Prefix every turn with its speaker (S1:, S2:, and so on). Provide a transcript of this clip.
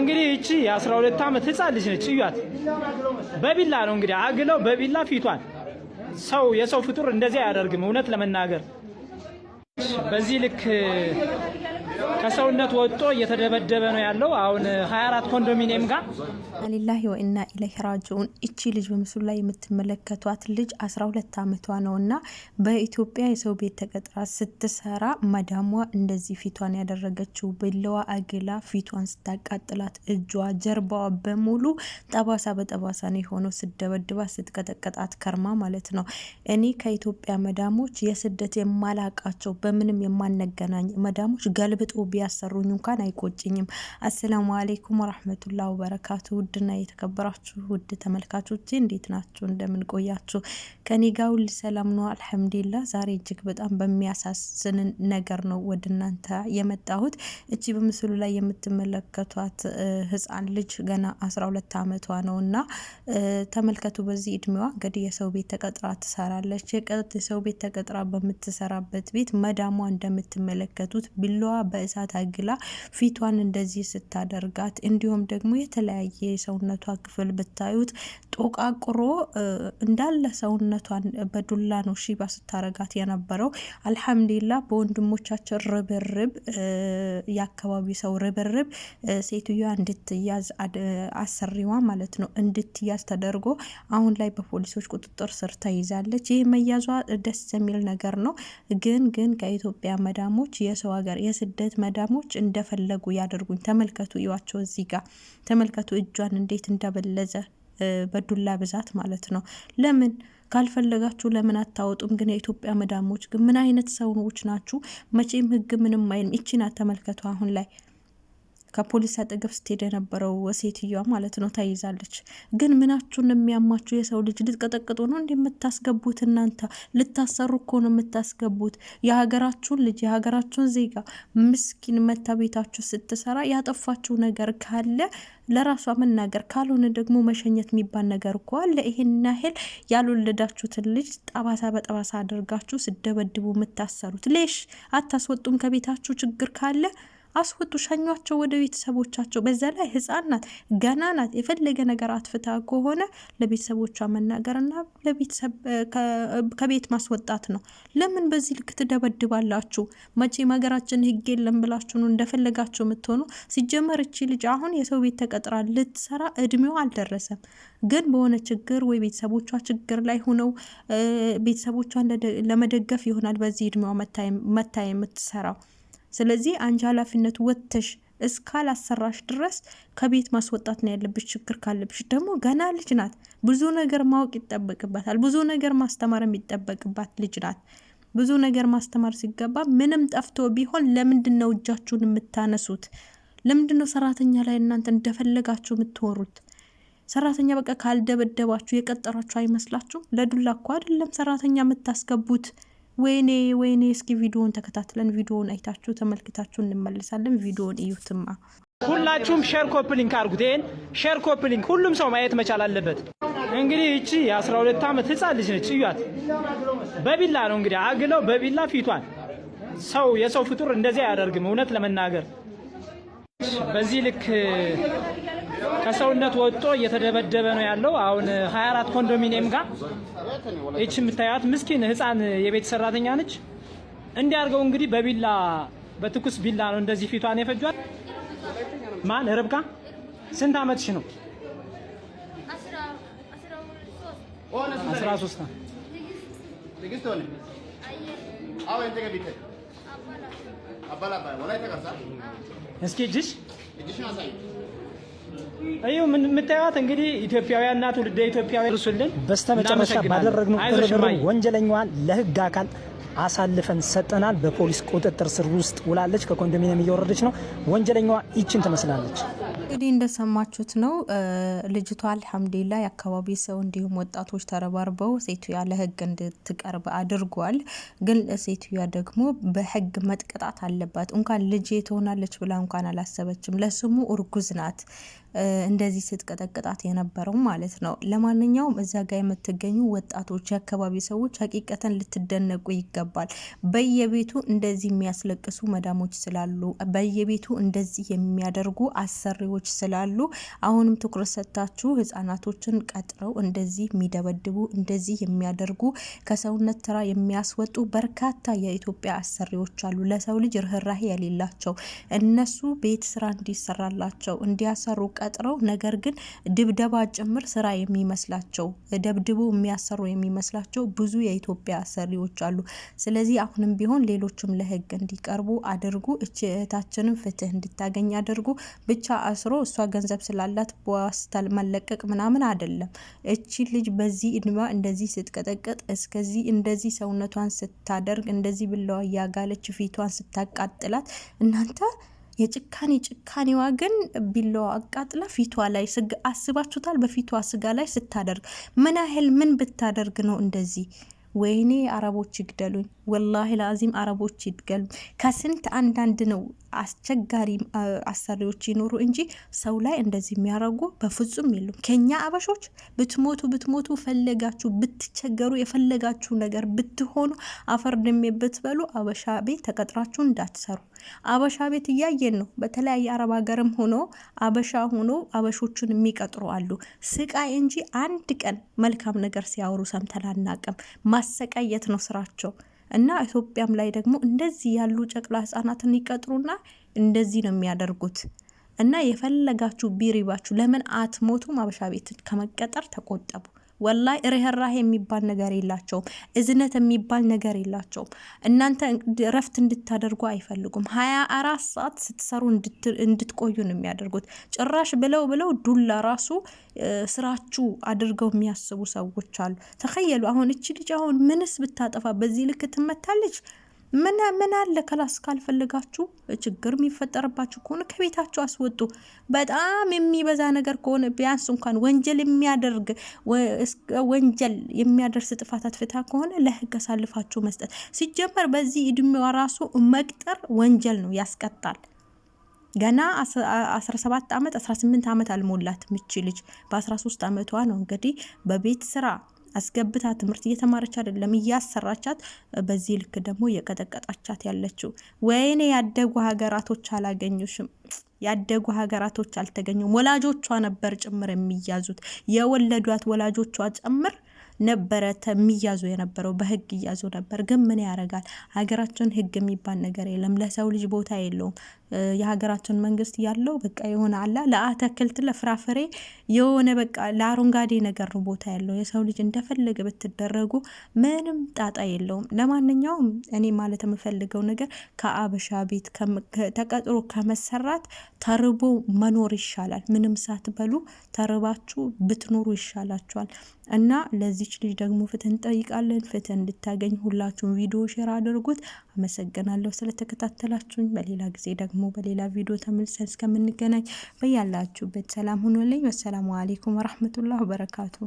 S1: እንግዲህ እቺ የ12 ዓመት ህፃን ልጅ ነች። እዩት። በቢላ ነው እንግዲህ አግለው በቢላ ፊቷን። ሰው የሰው ፍጡር እንደዚህ አያደርግም፣ እውነት ለመናገር በዚህ ልክ ከሰውነት ወጦ እየተደበደበ ነው ያለው። አሁን 24 ኮንዶሚኒየም ጋር
S2: ኢናሊላሂ ወኢና ኢለይሂ ራጂዑን። እቺ ልጅ በምስሉ ላይ የምትመለከቷት ልጅ 12 ዓመቷ ነው እና በኢትዮጵያ የሰው ቤት ተቀጥራ ስትሰራ መዳሟ እንደዚህ ፊቷን ያደረገችው ብለዋ አግላ ፊቷን ስታቃጥላት እጇ፣ ጀርባዋ በሙሉ ጠባሳ በጠባሳ ነው የሆነው። ስደበድባ ስትቀጠቀጣት ከርማ ማለት ነው። እኔ ከኢትዮጵያ መዳሞች የስደት የማላቃቸው በምንም የማነገናኝ መዳሞች ገልብ ሽጡ ቢያሰሩኝ እንኳን አይቆጭኝም። አሰላሙ አሌይኩም ወራህመቱላ ወበረካቱ። ውድና የተከበራችሁ ውድ ተመልካቾቼ እንዴት ናችሁ? እንደምን ቆያችሁ? ከኔ ጋር ሁሉ ሰላም ነው አልሐምዱሊላ። ዛሬ እጅግ በጣም በሚያሳዝን ነገር ነው ወደ እናንተ የመጣሁት። እቺ በምስሉ ላይ የምትመለከቷት ህጻን ልጅ ገና አስራ ሁለት አመቷ ነው እና ተመልከቱ። በዚህ እድሜዋ እንግዲህ የሰው ቤት ተቀጥራ ትሰራለች። የሰው ቤት ተቀጥራ በምትሰራበት ቤት መዳሟ እንደምትመለከቱት ቢላዋ በእሳት አግላ ፊቷን እንደዚህ ስታደርጋት፣ እንዲሁም ደግሞ የተለያየ የሰውነቷ ክፍል ብታዩት ጦቃቁሮ እንዳለ ሰውነቷን በዱላ ነው ሺባ ስታረጋት የነበረው። አልሐምዱሊላ በወንድሞቻቸው ርብርብ፣ የአካባቢ ሰው ርብርብ ሴትዮዋ እንድትያዝ አሰሪዋ ማለት ነው እንድትያዝ ተደርጎ አሁን ላይ በፖሊሶች ቁጥጥር ስር ተይዛለች። ይህ መያዟ ደስ የሚል ነገር ነው። ግን ግን ከኢትዮጵያ መዳሞች የሰው ሀገር የስደ ስደት መዳሞች እንደፈለጉ ያደርጉኝ። ተመልከቱ፣ እዩዋቸው እዚህ ጋር ተመልከቱ፣ እጇን እንዴት እንደበለዘ በዱላ ብዛት ማለት ነው። ለምን ካልፈለጋችሁ ለምን አታወጡም? ግን የኢትዮጵያ መዳሞች ግን ምን አይነት ሰዎች ናችሁ? መቼም ህግ ምንም አይልም። ይቺና ተመልከቱ አሁን ላይ ከፖሊስ አጠገብ ስትሄድ የነበረው ሴትዮዋ ማለት ነው ተይዛለች። ግን ምናችሁን የሚያማችሁ የሰው ልጅ ልትቀጠቅጡ ነው እንዲ የምታስገቡት? እናንተ ልታሰሩ እኮ ነው የምታስገቡት። የሀገራችሁን ልጅ የሀገራችሁን ዜጋ ምስኪን መታ ቤታችሁ ስትሰራ ያጠፋችሁ ነገር ካለ ለራሷ መናገር ካልሆነ ደግሞ መሸኘት የሚባል ነገር እኮ አለ። ይሄን ያህል ያልወለዳችሁትን ልጅ ጠባሳ በጠባሳ አድርጋችሁ ስደበድቡ የምታሰሩት ሌሽ አታስወጡም ከቤታችሁ ችግር ካለ አስወጡ፣ ሸኟቸው ወደ ቤተሰቦቻቸው። በዛ ላይ ህፃን ናት፣ ገና ናት። የፈለገ ነገር አትፍታ ከሆነ ለቤተሰቦቿ መናገርና ከቤት ማስወጣት ነው። ለምን በዚህ ልክ ትደበድባላችሁ? መቼም ሀገራችን ህግ የለም ብላችሁ ነው እንደፈለጋችሁ የምትሆኑ። ሲጀመር እቺ ልጅ አሁን የሰው ቤት ተቀጥራ ልትሰራ እድሜዋ አልደረሰም። ግን በሆነ ችግር ወይ ቤተሰቦቿ ችግር ላይ ሆነው ቤተሰቦቿን ለመደገፍ ይሆናል በዚህ እድሜዋ መታ የምትሰራው። ስለዚህ አንቺ ኃላፊነት ወጥተሽ እስካላሰራሽ ድረስ ከቤት ማስወጣት ነው ያለብሽ። ችግር ካለብሽ ደግሞ ገና ልጅ ናት፣ ብዙ ነገር ማወቅ ይጠበቅባታል። ብዙ ነገር ማስተማር የሚጠበቅባት ልጅ ናት። ብዙ ነገር ማስተማር ሲገባ ምንም ጠፍቶ ቢሆን ለምንድን ነው እጃችሁን የምታነሱት? ለምንድን ነው ሰራተኛ ላይ እናንተ እንደፈለጋችሁ የምትወሩት? ሰራተኛ በቃ ካልደበደባችሁ የቀጠራችሁ አይመስላችሁ? ለዱላ እኮ አይደለም ሰራተኛ የምታስገቡት። ወይኔ ወይኔ። እስኪ ቪዲዮን ተከታትለን ቪዲዮን አይታችሁ ተመልክታችሁ እንመልሳለን። ቪዲዮን እዩትማ
S1: ሁላችሁም። ሼር ኮፕሊንክ አድርጉት። ይሄን ሼር ኮፕሊንክ ሁሉም ሰው ማየት መቻል አለበት። እንግዲህ እቺ የ12 ዓመት ህፃን ልጅ ነች። እዩት። በቢላ ነው እንግዲህ አግለው በቢላ ፊቷን። ሰው የሰው ፍጡር እንደዚህ አያደርግም። እውነት ለመናገር በዚህ ልክ ከሰውነት ወጥቶ እየተደበደበ ነው ያለው። አሁን 24 ኮንዶሚኒየም ጋር ይች የምታያት ምስኪን ህፃን የቤት ሰራተኛ ነች። እንዲህ እንግዲህ በቢላ በትኩስ ቢላ ነው እንደዚህ ፊቷን የፈጇል። ማን ርብቃ፣ ስንት አመትሽ ነው? 13 እስኪ እጅሽ አዩ ምን የምታዩት እንግዲህ ኢትዮጵያውያንና ትውልደ ኢትዮጵያውያን እርሱልን
S2: በስተመጨረሻ ባደረግነው ርብርብ ወንጀለኛዋን ለህግ አካል አሳልፈን ሰጠናል። በፖሊስ ቁጥጥር ስር ውስጥ ውላለች። ከኮንዶሚኒየም እየወረደች ነው። ወንጀለኛዋ ይችን ትመስላለች። እንግዲህ እንደሰማችሁት ነው ልጅቷ አልሐምዱሊላ የአካባቢ ሰው እንዲሁም ወጣቶች ተረባርበው ሴትዮዋ ለህግ እንድትቀርብ አድርጓል። ግን ሴትዮዋ ደግሞ በህግ መጥቀጣት አለባት። እንኳን ልጄ ትሆናለች ብላ እንኳን አላሰበችም። ለስሙ እርጉዝ ናት። እንደዚህ ስትቀጠቅጣት የነበረው ማለት ነው። ለማንኛውም እዛ ጋር የምትገኙ ወጣቶች፣ የአካባቢ ሰዎች ሀቂቀተን ልትደነቁ ይገባል። በየቤቱ እንደዚህ የሚያስለቅሱ መዳሞች ስላሉ፣ በየቤቱ እንደዚህ የሚያደርጉ አሰሪዎች ስላሉ አሁንም ትኩረት ሰጥታችሁ ህጻናቶችን ቀጥረው እንደዚህ የሚደበድቡ እንደዚህ የሚያደርጉ ከሰውነት ተራ የሚያስወጡ በርካታ የኢትዮጵያ አሰሪዎች አሉ። ለሰው ልጅ ርህራሄ የሌላቸው እነሱ ቤት ስራ እንዲሰራላቸው እንዲያሰሩ ቀጥረው ነገር ግን ድብደባ ጭምር ስራ የሚመስላቸው ደብድቦ የሚያሰሩ የሚመስላቸው ብዙ የኢትዮጵያ አሰሪዎች አሉ። ስለዚህ አሁንም ቢሆን ሌሎችም ለህግ እንዲቀርቡ አድርጉ። እች እህታችንም ፍትህ እንድታገኝ አድርጉ። ብቻ አስሮ እሷ ገንዘብ ስላላት በዋስታ መለቀቅ ምናምን አይደለም። እቺ ልጅ በዚህ እድሜ እንደዚህ ስትቀጠቀጥ እስከዚህ እንደዚህ ሰውነቷን ስታደርግ እንደዚህ ብለዋ እያጋለች ፊቷን ስታቃጥላት እናንተ የጭካኔ ጭካኔዋ ግን ቢላዋ አቃጥላ ፊቷ ላይ አስባችሁታል? በፊቷ ስጋ ላይ ስታደርግ ምን ያህል ምን ብታደርግ ነው እንደዚህ? ወይኔ አረቦች ይግደሉኝ፣ ወላሂ ለአዚም አረቦች ይግደሉኝ። ከስንት አንዳንድ ነው አስቸጋሪ አሰሪዎች ይኖሩ እንጂ ሰው ላይ እንደዚህ የሚያደርጉ በፍጹም የሉም። ከኛ አበሾች ብትሞቱ ብትሞቱ ፈለጋችሁ ብትቸገሩ የፈለጋችሁ ነገር ብትሆኑ አፈር ድሜ ብትበሉ አበሻ ቤት ተቀጥራችሁ እንዳትሰሩ። አበሻ ቤት እያየን ነው። በተለያየ አረብ ሀገርም ሆኖ አበሻ ሆኖ አበሾቹን የሚቀጥሩ አሉ። ስቃይ እንጂ አንድ ቀን መልካም ነገር ሲያወሩ ሰምተን አናቅም። ማሰቃየት ነው ስራቸው። እና ኢትዮጵያም ላይ ደግሞ እንደዚህ ያሉ ጨቅላ ህጻናትን ይቀጥሩና እንደዚህ ነው የሚያደርጉት። እና የፈለጋችሁ ቢሪባችሁ ለምን አትሞቱም? አበሻ ቤት ከመቀጠር ተቆጠቡ። ወላይ ርህራሄ የሚባል ነገር የላቸውም። እዝነት የሚባል ነገር የላቸውም። እናንተ ረፍት እንድታደርጉ አይፈልጉም። ሀያ አራት ሰዓት ስትሰሩ እንድትቆዩ ነው የሚያደርጉት። ጭራሽ ብለው ብለው ዱላ ራሱ ስራችሁ አድርገው የሚያስቡ ሰዎች አሉ። ተኸየሉ። አሁን እቺ ልጅ አሁን ምንስ ብታጠፋ በዚህ ልክ ትመታለች? ምን ምን አለ ክላስ ካልፈልጋችሁ ችግር የሚፈጠርባችሁ ከሆነ ከቤታችሁ አስወጡ። በጣም የሚበዛ ነገር ከሆነ ቢያንስ እንኳን ወንጀል የሚያደርግ ወንጀል የሚያደርስ ጥፋት አትፍታ ከሆነ ለህግ አሳልፋችሁ መስጠት ሲጀመር በዚህ እድሜዋ ራሱ መቅጠር ወንጀል ነው፣ ያስቀጣል። ገና 17 ዓመት 18 ዓመት አልሞላት ምች ልጅ በ13 ዓመቷ ነው እንግዲህ በቤት ስራ አስገብታ ትምህርት እየተማረች አይደለም እያሰራቻት፣ በዚህ ልክ ደግሞ እየቀጠቀጣቻት ያለችው። ወይኔ ያደጉ ሀገራቶች አላገኙሽም፣ ያደጉ ሀገራቶች አልተገኙም። ወላጆቿ ነበር ጭምር የሚያዙት የወለዷት ወላጆቿ ጭምር ነበረ የሚያዙ የነበረው በህግ እያዙ ነበር። ግን ምን ያደርጋል ሀገራችን ህግ የሚባል ነገር የለም። ለሰው ልጅ ቦታ የለውም። የሀገራችን መንግስት ያለው በቃ የሆነ አላ ለአተክልት ለፍራፍሬ የሆነ በቃ ለአረንጓዴ ነገር ነው ቦታ ያለው። የሰው ልጅ እንደፈለገ ብትደረጉ ምንም ጣጣ የለውም። ለማንኛውም እኔ ማለት የምፈልገው ነገር ከአበሻ ቤት ተቀጥሮ ከመሰራት ተርቦ መኖር ይሻላል። ምንም ሳትበሉ ተርባችሁ ብትኖሩ ይሻላችኋል። እና ለዚች ልጅ ደግሞ ፍትህ እንጠይቃለን። ፍትህ እንድታገኝ ሁላችሁም ቪዲዮ ሼር አድርጉት። አመሰግናለሁ ስለተከታተላችሁኝ። በሌላ ጊዜ ደግሞ በሌላ ቪዲዮ ተመልሰን እስከምንገናኝ በያላችሁበት ሰላም ሁኑልኝ። ወሰላሙ አሌይኩም ወረህመቱላህ በረካቱ